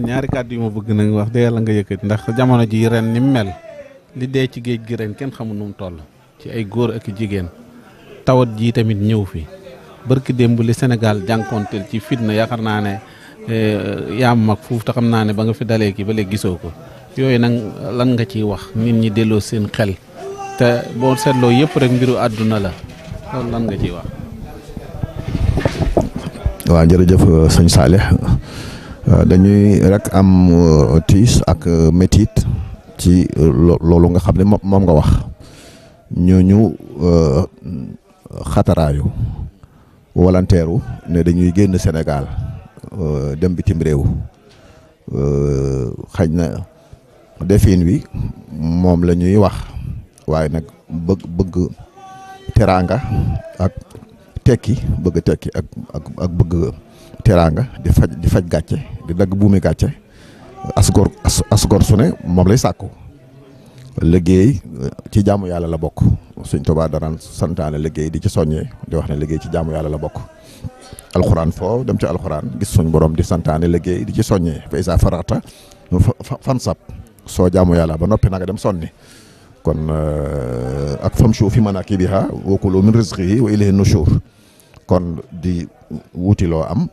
ñaari kàddu yi ma bëgg nañu wax de yàlla nga yëkkati ndax jamono ji ren ni mu mel li dee ci géej gi ren kenn xamul nu mu ci ay góor ak jigéen tawat ji tamit ñëw fi barki démb li Sénégal jànkonteel ci fitna yaakaar naa ne eh, yaa mag fuuf te xam naa ne ba nga fi dalee kii ba léegi gisoo ko yooyu nag lan nga ciy wax nit ñi delloo seen xel. te boo seetloo yëpp rek mbiru àdduna la loolu lan nga ciy wax. Euh, sëñ Saleh euh, dañuy rek am euh, tiis ak metit ci loolu nga xam ne moom nga wax ñooñu xataraayu walanteeru ne dañuy génn senegal dem bitim réew xaj na defin wi moom la ñuy wax. waaye nag bëgg bëgg teraanga ak tekki bëgg tekki ak ak ak bëgg teraanga di faj di faj gàcce di dagg buumi gàcce asgor asgor su ne moom lay sàkku liggéey ci jaamu yàlla la bokk Sëñ Tuubaa danaan santaane liggéey di ci soññee di wax ne liggéey ci jaamu yàlla la bokk alxuraan foo dem ci alxuraan gis suñ borom di santaane liggéey di ci soññee fa isa farata fansab soo jaamu yàlla ba noppi na nga dem sonni kon euh, ak famshu fi manakibiha wa kulu min yi wa ilayhi nushur kon di wuti loo am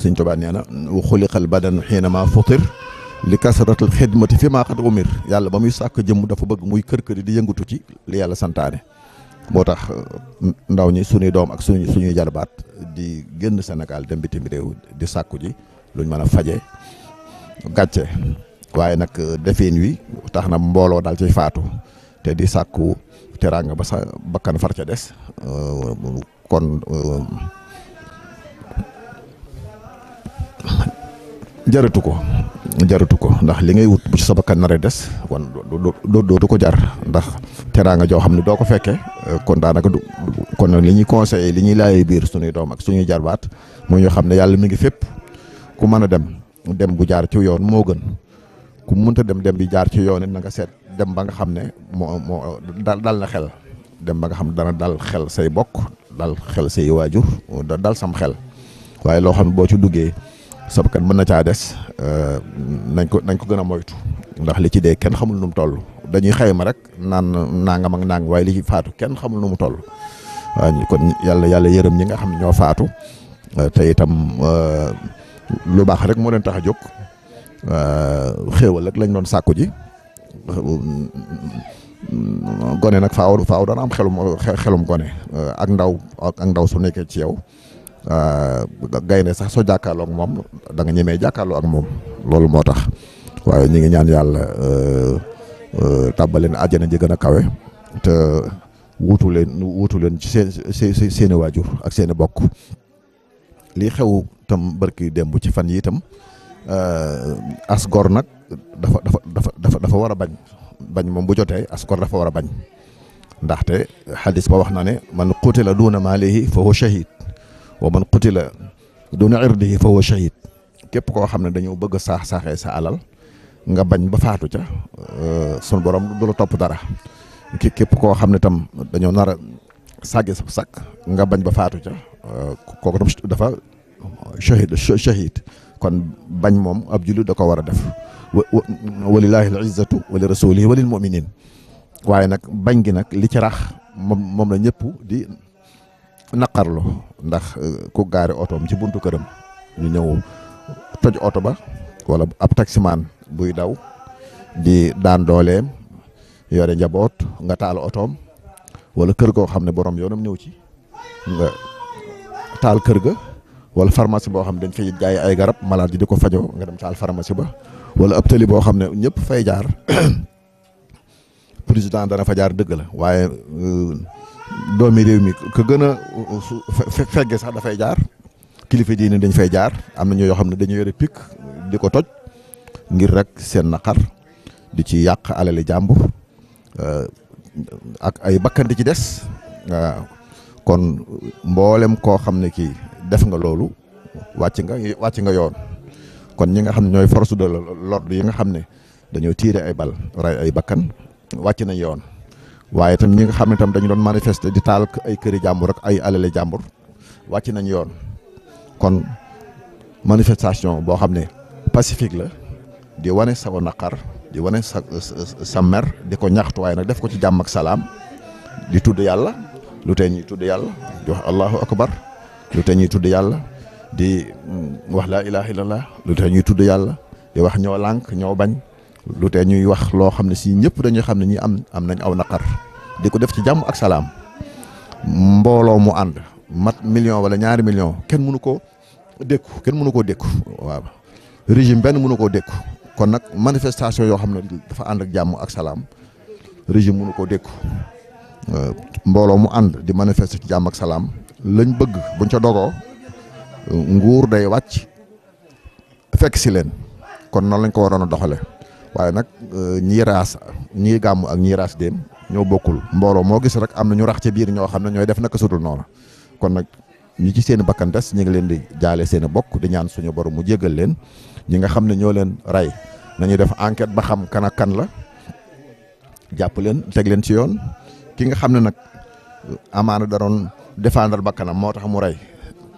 Sëñ Tuubaa nee na xoli xuliqal badan xiinama futir li kasratul xidmati fi maa qad umir yàlla ba muy sàkk jëmm dafa bëgg muy kër kër di yëngatu ci li yàlla santaane moo tax euh, ndaw ñi suñuy doom ak suñu suñuy jarbaat di génn senegal dem bitim réew di sàkku ji luñ mën a faje gàcce waye nak euh, defeen wi taxna mbolo dal ci ciy faatu te di sakku teranga ba bakkan far ca euh kon euh, jaratu ko jaratu ko ndax li ngay wut bu ci sa dess won do do do ko jar ndax teranga jo xamni do ko fekke euh, kon da naka kon li ko conseillé li lai laajee biir suñuy ak suñu jarbat mo ñu xam yalla mi ngi fep ku dem dem bu jaar ci yoon mo gën ku mënta dem dem bi jaar ci yoon it na nga seet dem ba nga xam ne moo moo dal dal na xel dem ba nga xam dana dal xel say bokk dal xel say waajur dal sam xel waaye loo xam ne boo ci duggee sabkat mën na caa des euh, nañ ko nañ ko gën a moytu ndax li ci dee kenn xamul nu mu toll dañuy xayma rek naan nangam ak nang waaye li ci faatu kenn xamul nu mu toll waaw kon yàlla yàlla yërëm ñi nga xam ñoo faatu euh, te itam euh, lu baax rek moo leen tax a jóg Euh, xewal rek lañ doon sàkku ji gone nag faaw faaw doon am xelum xelum gone ak ndaw ak ndaw su nekkee ci yow euh, gaynde sax soo jàkkaarloo moom da nga ñemee jàkkaarloo ak moom loolu moo tax waaye ñu ngi ñaan yàlla euh, tàbbaleen àjjana ji na kawe te wuutu leen wuutu leen ci seen seen seeni waajur ak seeni bokk lii xew tam barki démb ci fan yi itam Euh, as gor nag dafa dafa dafa dafa war a bañ bañ moom bu jotee as gor dafa war a bañ ndaxte xadis ba wax na ne man qutila duuna maalihi fa huwa shahid wa man qutila duuna irdihi fa huwa shahid képp koo xam ne dañoo bëgg a saax saaxee sa alal nga bañ ba faatu ca euh, sun borom du topp dara ki képp koo xam ne tam dañoo nar a sàgge sa sakk nga bañ ba faatu ca euh, kooku tam dafa shahid kon bañ moom ab jullit da ko war a def walilaahi al izzatu wali rasulihi walil muminin waaye nag bañ gi nag li ci rax moom moom la ñëpp di naqarlo ndax euh, ku gaari otoom ci buntu këram ñu ñëw toj oto ba wala ab taximaan buy daw di daan dooleem yore njaboot nga taal otoom wala kër goo xam ne boroom yoonam ñëw ci nga taal kër ga wala pharmacie boo xam dañ fay jaay ay garab malade yi di ko fajoo nga dem saal pharmacie ba wala ab tëli boo xam ne ñëpp fay jaar président dana fa jaar dëgg la waaye euh, doomi réew mi ka gën a euh, fegge sax dafay jaar kilifa diine dañ fay jaar am na yoo xam ne dañu yore pikk di ko toj ngir rek seen naqar di ci yàq alali jàmbur euh, ak ay bakkan di ci des kon mboolem koo xam ne kii def nga loolu wàcc nga wàcc nga yoon kon ñi nga xam ne ñooy force de l'ordre yi nga xam ne dañoo tiire ay bal ray ay bakkan wàcc nañ yoon waaye tam ñi nga xam ne tam dañu doon manifester di taal ay këri jàmbur ak ay alale jàmbur wàcc nañ yoon kon manifestation boo xam ne pacifique la di wane sa naqar di wane sa sa mer di ko ñaxtu waaye nag def ko ci jàmm ak salaam di tudd yàlla. lu te ñuy tudd yàlla di wax allahu akbar lu tee ñuy tudd yàlla di mm, wax laa ilaha illallah lu tee ñuy tudd yàlla di wax ñoo lànk ñoo bañ lu te ñuy wax loo xam ne si ñëpp dañuy xam ne ñii am am nañ aw naqar di ko def ci jàmm ak salaam mbooloo mu ànd mat million wala ñaari million kenn mënu koo dékku kenn mënu koo dékku waaw régime benn mënu koo dékku kon nag manifestation yoo xam ne dafa ànd ak jàmm ak salaam régime mënu koo dékku Euh, mbolo mu and di manifeste ci jamm ak salam lañ bëgg buñ ca dogo nguur day wacc fekk ci len kon non lañ ko waroon doxale waye nak euh, ñi ras ñi gamu ak ñi ras dem ñoo bokul mbolo mo gis rek am ñu rax ci biir ñoo xamna ne def nak sudul non kon nak ñi ci seen bakkan dess ñi ngi leen di jaale seen bokk di ñaan suñu borom mu jéggal leen ñi nga xam ñoo leen ray nañu def enquête ba xam kan ak kan la japp leen tegg leen ci yoon ki nga xam ne nag amaana da doon défendre bakkanam moo tax mu rey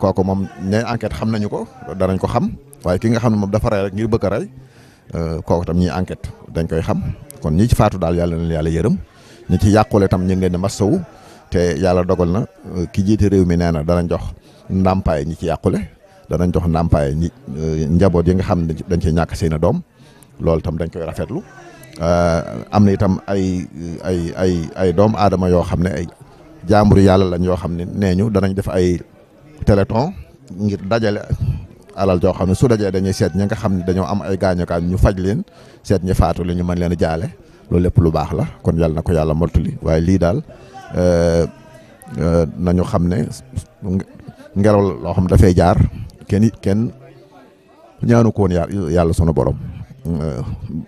kooku moom ñooy enquête xam nañu ko danañ ko xam waaye ki nga xam ne moom dafa rey rek ngir bëgg a rey euh, kooku tam ñuy enquête dañ koy xam kon ñi ci faatu daal yàlla na yàlla yërëm ñi ci yàqule tam ñu ngi leen di masawu te yàlla dogal na euh, ki jiite réew mi nee na danañ jox ndàmpaay ñi ci yàqule danañ jox ndàmpaay ñi euh, njaboot yi nga xam ne dañ ci ñàkk seen i doom loolu tam dañ koy rafetlu. am na itam ay ay ay ay doomu aadama yoo xam ne ay jaambur yàlla lañ yoo xam ne nee ñu danañ def ay téléthon ngir dajale alal joo xam ne su dajee dañuy seet ñi nga xam ne dañoo am ay gaañukaay ñu faj leen seet ñi faatu li ñu mën leen a jaale loolu lépp lu baax la kon yàlla na ko yàlla mottali waaye lii daal euh, euh, nañu xam ne ngelaw loo xam dafay jaar kenn kenn ñaanu ko woon yàlla sunu borom.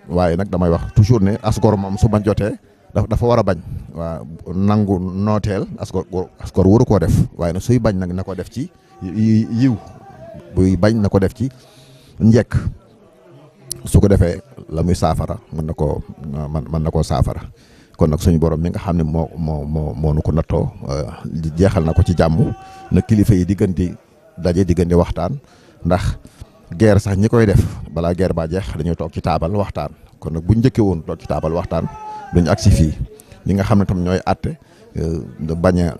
waaye nag damay wax toujours ne asgor moom su ma jotee dafa war a bañ waa nangu nooteel asgor asgor waru koo def waaye na suy bañ nag na ko def ci yiw buy bañ na ko def ci njekk su ko defee lamuy muy saafara mën na koo mën na koo saafara kon nag suñu borom mi nga xam ne moo moo moo moo nu ko nattoo jeexal na ko ci jàmm na kilifa yi di gën di daje di waxtaan ndax guerre sax ñi koy def balaa guerre baa jeex dañuy toog ci taabal waxtaan kon nag bu njëkkee woon toog ci taabal waxtaan duñu agsi fii ñi nga xam ne tam ñooy àtte euh, bañ a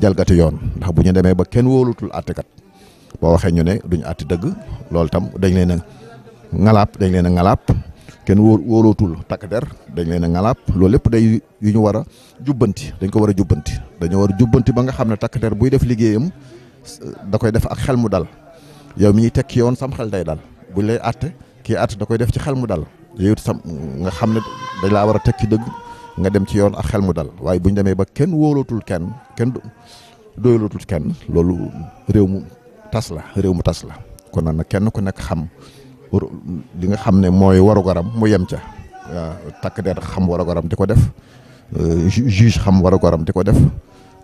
jalgati yoon ndax bu ñu demee ba kenn wóolutul àttekat boo waxee ñu ne duñu àtte dëgg loolu tam dañ leen a ngalaap dañ leen a ngalaap kenn wóor wóolootul takk der dañ leen a ngalaap loolu lépp day yu ñu war a jubbanti dañ ko war a jubbanti dañoo war a jubbanti ba nga xam ne takk buy def liggéeyam da koy def ak xel mu dal. yow mi ñuy ki yoon sam xel day dal buñ lay àtte kii àtte da koy def ci xel mu daal yow sam nga xam ne dañ laa war a tekki dëgg nga dem ci yoon a xel mu dal waaye buñ demee ba kenn wóolootul kenn kenn doyalootul kenn loolu réew mu tas la réew mu tas la kon nag kenn ku nekk xam li nga xam ne mooy warugaram mu yem ca waaw takk der xam warugaram di ko def euh, juge xam warugaram di ko def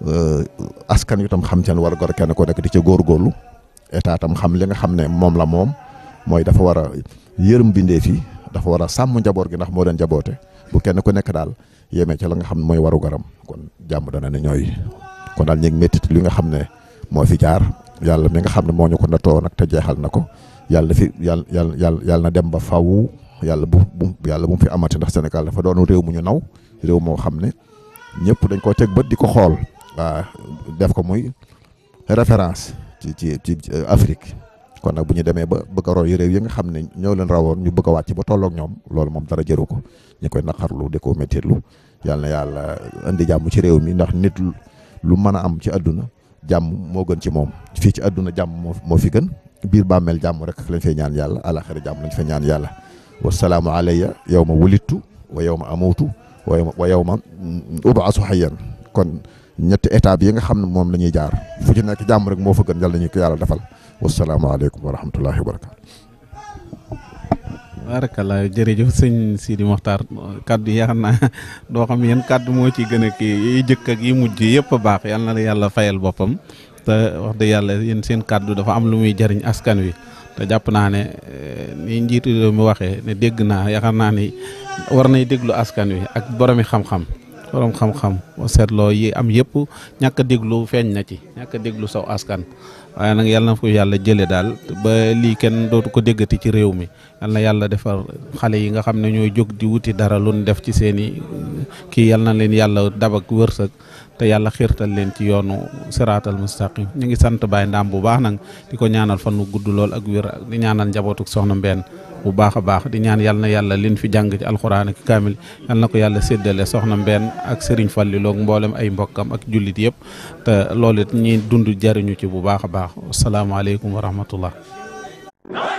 euh, askan wi tam xam seen warugar kenn ko nekk di góor góorgóorlu état tam xam li nga xam ne moom la moom mooy dafa war a yërëm bindee fi dafa war a sàmm njaboot gi ndax moo doon jaboote bu kenn ku nekk daal yéeme ca la nga xam ne mooy waru garam kon jàmm dana ne ñooy kon daal ñu ngi li nga xam ne moo fi jaar yàlla mi nga xam ne moo ñu ko natoo nag te jeexal na ko yàlla fi yàlla yàlla yàlla na dem ba faw yàlla bu bu yàlla mu fi amati ndax Sénégal dafa doon réew mu ñu naw réew moo xam ne ñëpp dañ koo teg bët di ko xool waa def ko muy référence ci ci ci euh, Afrique kon nak buñu démé ba bëgg a roy réew yi nga xamné ñoo leen rawoon ñu bëgg wacc ba tollok ñom loolu mom dara jëru ko ñakoy koy de ko metterlu yalla na yalla andi jamm ci réew mi ndax nit lu mëna am ci aduna jamm mo gën ci mom fi ci aduna jamm mo moo fi gën biir bàmmeel jamm rek lañ fay ñaan yàlla alaxira jamm lañ fay ñaan wa salaamu alayya yawma ma wa yawma ma wa yawma ma hayyan kon ñetti étape yi nga xamne mom lañuy jaar fu ci nek jamm rek mo fa gën yalla nañu ko yàlla defal alaykum wa rahmatullahi wa barakatuh barakallah jërëjëf sëñ Sidi Mokhtar kaddu yaakaar naa doo xam yeen kaddu mo ci gëna ki yi jëk ak yi mujj yépp baax yalla na la yàlla fayal bopam te wax de yalla yeen seen kaddu dafa am lu muy jariñ askan wi te japp na ne eh, ni njitu mi waxe ne degg na yaakaar ni war nay déglu askan wi ak boromi xam-xam. borom xam-xam seetloo yi am yëpp ñàkk déglu feeñ na ci ñàkk déglu saw askan waaye nag yàlla na ko yàlla jëlee daal ba lii kenn dootu ko déggati ci réew mi yàlla yàlla defar xale yi nga xam ne ñooy jóg di wuti dara lu ñu def ci seen i kii yàlla na leen yàlla dabak wërsëg te yàlla xiirtal leen ci yoonu siraatal mustaqim ñu ngi sant baay Ndam bu baax nag di ko ñaanal fan wu gudd lool ak wér di ñaanal njabootuk soxna Mbène bu baax a baax di ñaan yalla na yàlla liñ fi jàng ci alxuraan ak kamil yalla nako yàlla séddale soxna Mbène ak Serigne lok mbollem ay mbokam ak julit yëpp te lolit ñi dundu jarignu ci bu baax a baax asalaamaaleykum wa rahmatullah